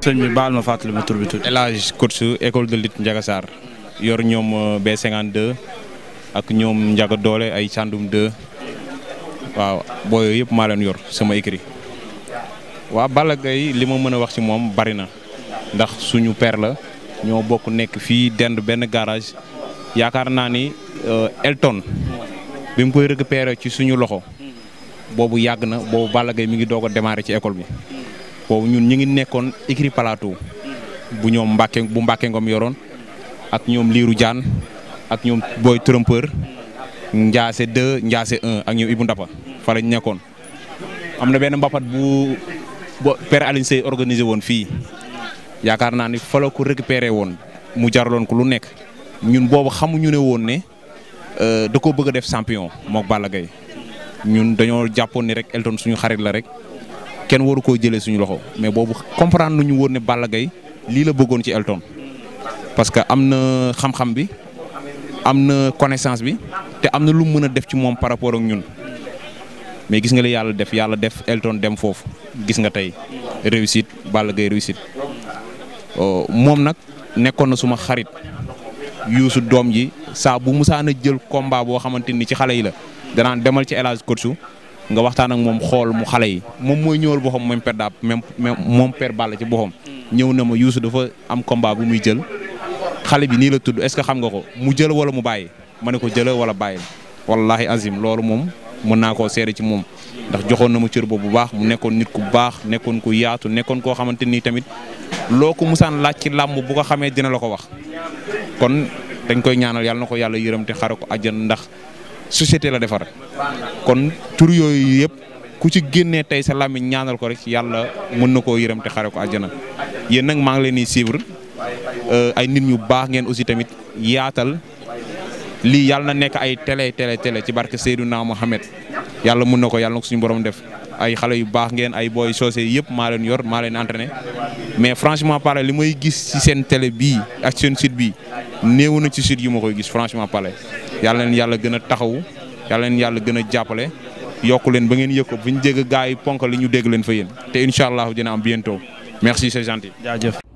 sëñ bi baal ma fàttali ma bi tur. El Hadj coach école de lutte Ndiaga saar yor ñoom euh, B52 ak ñoom Ndiaga Doole ay Sandoum 2 waaw booy yëpp maa yor sama écrit waa Balla Gaye li ma mën a wax ci moom bari na ndax suñu père la ñoo bokk nekk fii dend benn garage yaakaar naa ni euh, Elton bi mu koy récupéré ci suñu loxo boobu yàgg na boobu Balla Gaye mi ngi doogo a ci école bi. boobu ñun ñu ngi nekkoon écrit Plateau bu ñoom Mbacke bu Mbacke Ngom yoroon ak ñoom Liiru Jaan ak ñoom booy Trompeur Ndiassé 2 Ndiassé 1 ak ñoom Ibou Ndapa fa lañ nekkoon. am na benn mbapat bu bo Père Aline Seye organisé woon fii yaakaar naa ni fa ko récupéré woon mu jaraloon ko lu nekk ñun boobu xamuñu ne woon ne euh, da ko bëgg def champion mook Balla Gaye ñun dañoo jàppoon ni rek Elton suñu xarit la rek. kenn waru koo jëlee suñu loxo mais boobu comprendre lu ñu woon ne Balla Gaye lii la bëggoon ci Elton parce que am na xam-xam bi am na connaissance bi te am na lu mu mën a def ci moom par rapport ak ñun mais gis nga li yàlla def yàlla def Elton dem foofu gis nga tey réussite Balla Gaye réussite euh, moom nag nekkoon na suma xarit yuusu doom ji saa bu musaana jël combat boo xamante ni ci xale yi la danaan demal ci El Hadj Kotsou nga waxtaan ak moom xool mu xale yi moom mooy ñëwal boppam moom per Dap même moom Père Balla ci boppam. ñëw na ma Youssou dafa am combat bu muy jël xale bi nii la tudd est-ce que xam nga ko mu jël wala mu bàyyi ma ne ko jëla wala bàyyi wallahi asim loolu moom mën naa koo seere ci moom. ndax joxoon na ma cër boobu bu baax mu nekkoon nit ku baax nekkoon ku yaatu nekkoon koo xamante ni tamit loo ko musaan laaj ci làmb bu ko xamee dina la ko wax kon dañ koy ñaanal yàlla na ko yàlla yërëm te xare ko àjjana ndax. société la defar kon tur yooyu yëpp ku ci génnee tey sa làmmiñ ñaanal ko rek yàlla mën na koo yërëm te xare ko àjjana yéen nag maa ngi leen di suivre euh, ay nit ñu baax ngeen aussi tamit yaatal lii yàlla na nekk ay télé tele télé ci barke Seydouna Mohamed yàlla mun na ko yàlla na ko suñu borom def ay xale yu baax ngeen ay booy soose yëpp maa leen yor maa leen entraîné mais franchement parler li may gis ci seen télé bi ak seen site bii néew na ci site yu ma koy gis franchement parler yàlla leen yàlla gën a taxawu yàlla leen yàlla gën a jàppale yokku leen ba ngeen yëg ko bu ñu dégg gaa yi ponk li ñu dégg leen fa yéen te incha allahu dina am bientôt merci c'est